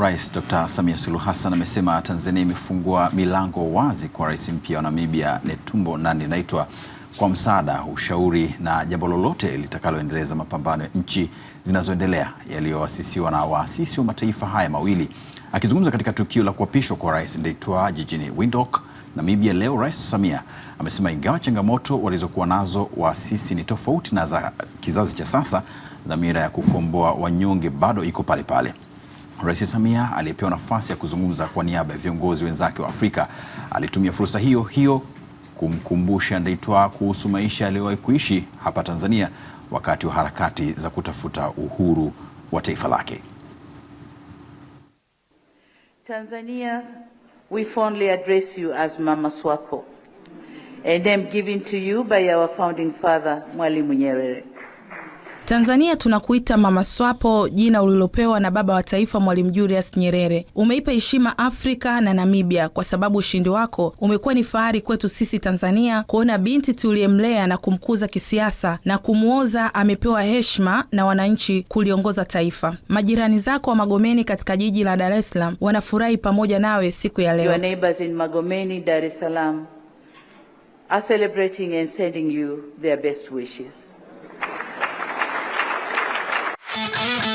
Rais Dr. Samia Suluhu Hassan amesema Tanzania imefungua milango wazi kwa rais mpya wa Namibia Netumbo Nandi-Ndaitwah kwa msaada, ushauri na jambo lolote litakaloendeleza mapambano ya nchi zinazoendelea yaliyoasisiwa na waasisi wa mataifa haya mawili. Akizungumza katika tukio la kuapishwa kwa Rais Ndaitwah jijini Windhoek, Namibia leo, Rais Samia amesema ingawa changamoto walizokuwa nazo waasisi ni tofauti na za kizazi cha sasa, dhamira ya kukomboa wanyonge bado iko pale pale. Rais Samia aliyepewa nafasi ya kuzungumza kwa niaba ya viongozi wenzake wa Afrika alitumia fursa hiyo hiyo kumkumbusha Ndaitwah kuhusu maisha aliyowahi kuishi hapa Tanzania wakati wa harakati za kutafuta uhuru wa taifa lake. we fondly address you as Mama Swapo, a name given to you by our founding father Mwalimu Nyerere. Tanzania tunakuita Mama Swapo, jina ulilopewa na baba wa taifa Mwalimu Julius Nyerere. Umeipa heshima Afrika na Namibia kwa sababu ushindi wako umekuwa ni fahari kwetu sisi Tanzania kuona binti tuliyemlea na kumkuza kisiasa na kumwoza amepewa heshima na wananchi kuliongoza taifa. Majirani zako wa Magomeni katika jiji la Dar es Salaam wanafurahi pamoja nawe siku ya leo. Your Thank you.